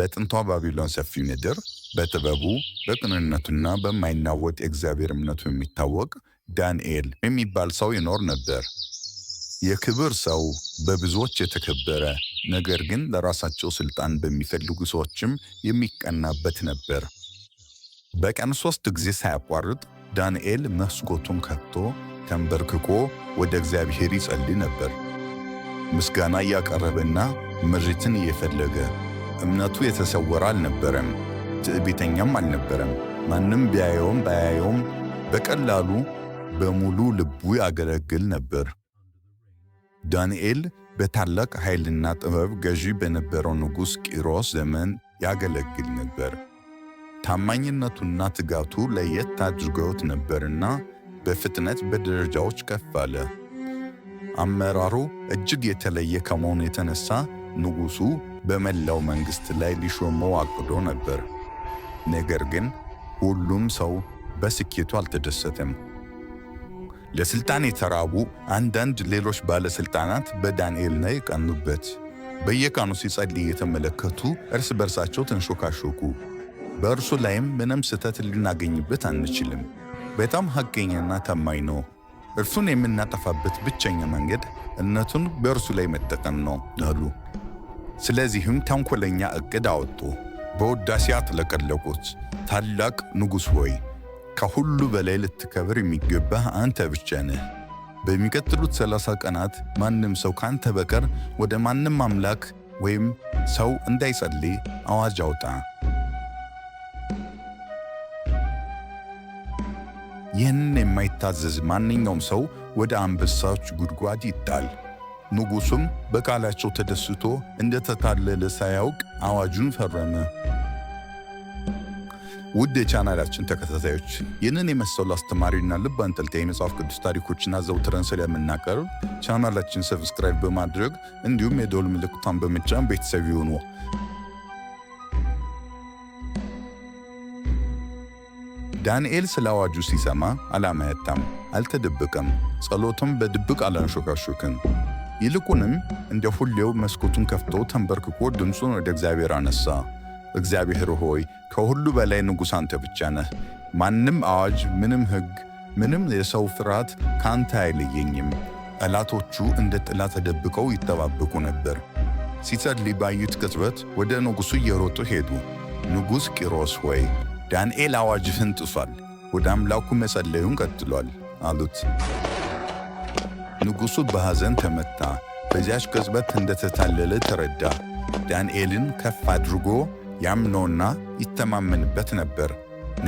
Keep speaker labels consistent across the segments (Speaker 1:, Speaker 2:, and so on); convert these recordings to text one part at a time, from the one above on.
Speaker 1: በጥንቷ ባቢሎን ሰፊ ምድር በጥበቡ በቅንነቱና በማይናወጥ የእግዚአብሔር እምነቱ የሚታወቅ ዳንኤል የሚባል ሰው ይኖር ነበር። የክብር ሰው፣ በብዙዎች የተከበረ ነገር ግን ለራሳቸው ስልጣን በሚፈልጉ ሰዎችም የሚቀናበት ነበር። በቀን ሦስት ጊዜ ሳያቋርጥ ዳንኤል መስኮቱን ከፍቶ ተንበርክኮ ወደ እግዚአብሔር ይጸልይ ነበር፣ ምስጋና እያቀረበና ምሪትን እየፈለገ እምነቱ የተሰወረ አልነበረም። ትዕቢተኛም አልነበረም። ማንም ቢያየውም ባያየውም በቀላሉ በሙሉ ልቡ ያገለግል ነበር። ዳንኤል በታላቅ ኃይልና ጥበብ ገዢ በነበረው ንጉሥ ቂሮስ ዘመን ያገለግል ነበር። ታማኝነቱና ትጋቱ ለየት አድርገውት ነበርና በፍጥነት በደረጃዎች ከፍ አለ። አመራሩ እጅግ የተለየ ከመሆኑ የተነሳ ንጉሡ በመላው መንግሥት ላይ ሊሾመው አቅዶ ነበር። ነገር ግን ሁሉም ሰው በስኬቱ አልተደሰተም። ለሥልጣን የተራቡ አንዳንድ ሌሎች ባለሥልጣናት በዳንኤል ላይ ይቀኑበት በየቀኑ ሲጸልይ የተመለከቱ እርስ በርሳቸው ተንሾካሾኩ። በእርሱ ላይም ምንም ስህተት ልናገኝበት አንችልም። በጣም ሐቀኛና ታማኝ ነው። እርሱን የምናጠፋበት ብቸኛ መንገድ እምነቱን በእርሱ ላይ መጠቀም ነው አሉ። ስለዚህም ተንኮለኛ እቅድ አወጡ። በውዳሴ አጥለቀለቁት። ታላቅ ንጉሥ ሆይ ከሁሉ በላይ ልትከብር የሚገባህ አንተ ብቻ ነህ። በሚቀጥሉት ሰላሳ ቀናት ማንም ሰው ካንተ በቀር ወደ ማንም አምላክ ወይም ሰው እንዳይጸልይ አዋጅ አውጣ። ይህንን የማይታዘዝ ማንኛውም ሰው ወደ አንበሳዎች ጉድጓድ ይጣል። ንጉሡም በቃላቸው ተደስቶ እንደተታለለ ሳያውቅ አዋጁን ፈረመ። ውድ የቻናላችን ተከታታዮች ይህንን የመሰሉ አስተማሪና ልብ አንጠልጣይ የመጽሐፍ ቅዱስ ታሪኮችን አዘውትረን ስለምናቀርብ ቻናላችን ሰብስክራይብ በማድረግ እንዲሁም የደወል ምልክቷን በመጫን ቤተሰብ ይሁኑ። ዳንኤል ስለ አዋጁ ሲሰማ አላመነታም፣ አልተደበቀም። ጸሎቱም በድብቅ አላንሾካሾክም። ይልቁንም እንደ ሁሌው መስኮቱን ከፍቶ ተንበርክኮ ድምፁን ወደ እግዚአብሔር አነሳ። እግዚአብሔር ሆይ ከሁሉ በላይ ንጉሥ አንተ ብቻ ነህ። ማንም አዋጅ፣ ምንም ሕግ፣ ምንም የሰው ፍርሃት ከአንተ አይለየኝም። ጠላቶቹ እንደ ጥላ ተደብቀው ይጠባበቁ ነበር። ሲጸልይ ባዩት ቅጽበት ወደ ንጉሡ እየሮጡ ሄዱ። ንጉሥ ቂሮስ ሆይ ዳንኤል አዋጅህን ጥሷል፣ ወደ አምላኩ መጸለዩን ቀጥሏል አሉት። ንጉሡ በሐዘን ተመታ። በዚያች ቅጽበት እንደተታለለ ተረዳ። ዳንኤልን ከፍ አድርጎ ያምኖና ይተማመንበት ነበር።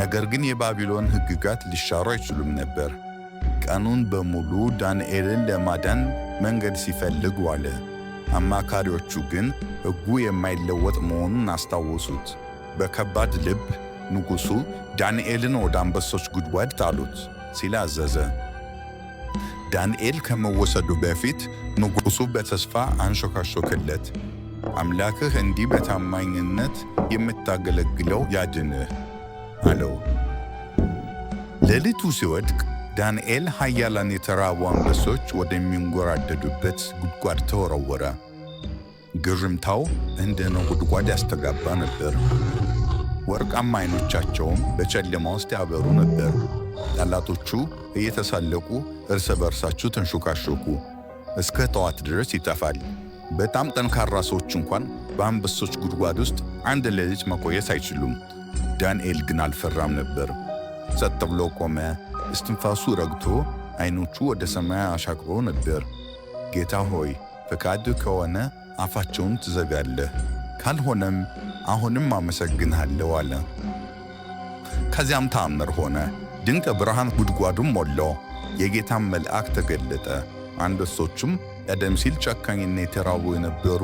Speaker 1: ነገር ግን የባቢሎን ሕግጋት ሊሻሩ አይችሉም ነበር። ቀኑን በሙሉ ዳንኤልን ለማዳን መንገድ ሲፈልግ ዋለ። አማካሪዎቹ ግን ሕጉ የማይለወጥ መሆኑን አስታወሱት። በከባድ ልብ ንጉሡ ዳንኤልን ወደ አንበሶች ጉድጓድ ጣሉት ሲል አዘዘ። ዳንኤል ከመወሰዱ በፊት ንጉሡ በተስፋ አንሾካሾክለት፣ አምላክህ እንዲህ በታማኝነት የምታገለግለው ያድንህ አለው። ሌሊቱ ሲወድቅ ዳንኤል ኃያላን የተራቡ አንበሶች ወደሚንጎራደዱበት ጉድጓድ ተወረወረ። ግርምታው እንደ ነጎድጓድ ያስተጋባ ነበር። ወርቃማ ዓይኖቻቸውም በጨለማ ውስጥ ያበሩ ነበር። ጠላቶቹ እየተሳለቁ እርስ በርሳችሁ ተንሾካሾኩ፣ እስከ ጠዋት ድረስ ይጠፋል። በጣም ጠንካራ ሰዎች እንኳን በአንበሶች ጉድጓድ ውስጥ አንድ ሌሊት መቆየት አይችሉም። ዳንኤል ግን አልፈራም ነበር። ጸጥ ብሎ ቆመ። እስትንፋሱ ረግቶ ዓይኖቹ ወደ ሰማይ አሻቅሮ ነበር። ጌታ ሆይ ፈቃድ ከሆነ አፋቸውን ትዘጋለህ፣ ካልሆነም አሁንም አመሰግንሃለሁ አለ። ከዚያም ተአምር ሆነ። ድንቅ ብርሃን ጉድጓዱም ሞላው። የጌታም መልአክ ተገለጠ። አንበሶችም ቀደም ሲል ጨካኝና የተራቡ የነበሩ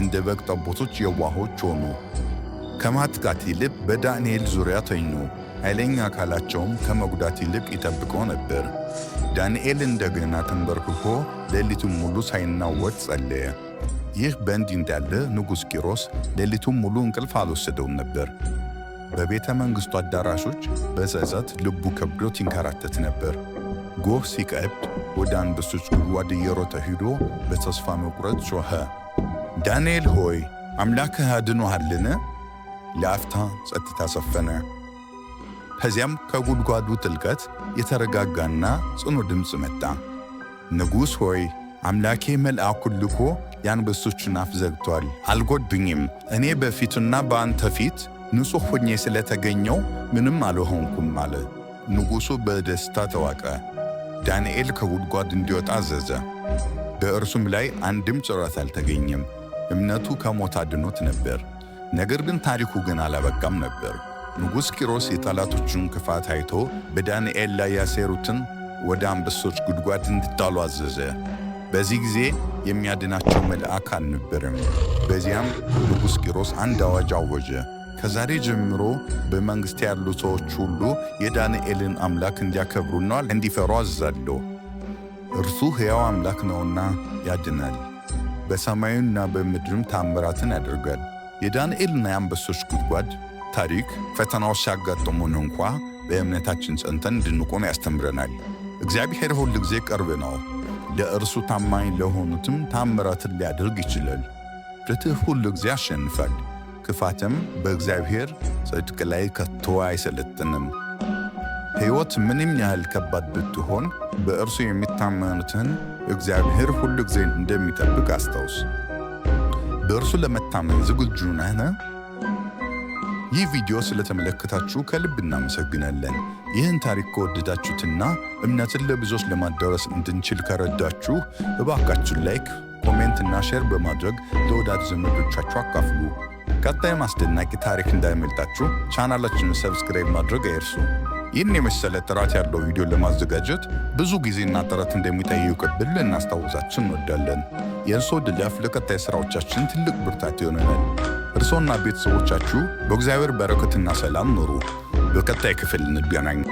Speaker 1: እንደ በግ ጠቦቶች የዋሆች ሆኑ። ከማጥቃት ይልቅ በዳንኤል ዙሪያ ተኙ። ኃይለኛ አካላቸውም ከመጉዳት ይልቅ ይጠብቀው ነበር። ዳንኤል እንደገና ተንበርክኮ ሌሊቱን ሙሉ ሳይናወጥ ጸለየ። ይህ በእንዲህ እንዳለ ንጉሥ ቂሮስ ሌሊቱን ሙሉ እንቅልፍ አልወሰደውም ነበር። በቤተ መንግሥቱ አዳራሾች በጸጸት ልቡ ከብዶት ይንከራተት ነበር። ጎህ ሲቀብድ ወደ አንበሶች ጉድጓድ እየሮጠ ሂዶ በተስፋ መቁረጥ ጮኸ። ዳንኤል ሆይ አምላክህ አድኖሃልን? ለአፍታ ጸጥታ ሰፈነ። ከዚያም ከጉድጓዱ ጥልቀት የተረጋጋና ጽኑ ድምፅ መጣ። ንጉሥ ሆይ አምላኬ መልአኩን ልኮ የአንበሶችን አፍ ዘግቷል፣ አልጎዱኝም። እኔ በፊቱና በአንተ ፊት ንጹሕ ሆኜ ስለተገኘው ምንም አልሆንኩም አለ። ንጉሡ በደስታ ተዋቀ። ዳንኤል ከጉድጓድ እንዲወጣ አዘዘ። በእርሱም ላይ አንድም ጭረት አልተገኘም። እምነቱ ከሞት አድኖት ነበር። ነገር ግን ታሪኩ ግን አላበቃም ነበር። ንጉሥ ቂሮስ የጠላቶቹን ክፋት አይቶ በዳንኤል ላይ ያሴሩትን ወደ አንበሶች ጉድጓድ እንዲጣሉ አዘዘ። በዚህ ጊዜ የሚያድናቸው መልአክ አልነበረም። በዚያም ንጉሥ ቂሮስ አንድ አዋጅ አወጀ። ከዛሬ ጀምሮ በመንግሥት ያሉ ሰዎች ሁሉ የዳንኤልን አምላክ እንዲያከብሩና እንዲፈሩ አዛለሁ። እርሱ ሕያው አምላክ ነውና ያድናል፣ በሰማዩና በምድርም ታምራትን ያደርጋል። የዳንኤልና የአንበሶች ጉድጓድ ታሪክ ፈተናዎች ሲያጋጥሙን እንኳ በእምነታችን ጸንተን እንድንቆም ያስተምረናል። እግዚአብሔር ሁል ጊዜ ቅርብ ነው። ለእርሱ ታማኝ ለሆኑትም ታምራትን ሊያደርግ ይችላል። ፍትሕ ሁል ጊዜ ያሸንፋል። ክፋትም በእግዚአብሔር ጽድቅ ላይ ከቶ አይሰለጥንም። ሕይወት ምንም ያህል ከባድ ብትሆን በእርሱ የሚታመኑትን እግዚአብሔር ሁሉ ጊዜ እንደሚጠብቅ አስታውስ። በእርሱ ለመታመን ዝግጁ ነህን? ይህ ቪዲዮ ስለተመለከታችሁ ከልብ እናመሰግናለን። ይህን ታሪክ ከወደዳችሁትና እምነትን ለብዙዎች ለማዳረስ እንድንችል ከረዳችሁ እባካችሁ ላይክ፣ ኮሜንት እና ሼር በማድረግ ለወዳጅ ዘመዶቻችሁ አካፍሉ። ቀጣይ ማስደናቂ ታሪክ እንዳይመልጣችሁ ቻናላችንን ሰብስክራይብ ማድረግ አይርሱ። ይህን የመሰለ ጥራት ያለው ቪዲዮ ለማዘጋጀት ብዙ ጊዜና ጥረት እንደሚጠይቅብን ልናስታውሳችሁ እንወዳለን። የእርስዎ ድጋፍ ለቀጣይ ሥራዎቻችን ትልቅ ብርታት ይሆነናል። እርስዎና ቤተሰቦቻችሁ በእግዚአብሔር በረከትና ሰላም ኑሩ። በቀጣይ ክፍል እንገናኝ።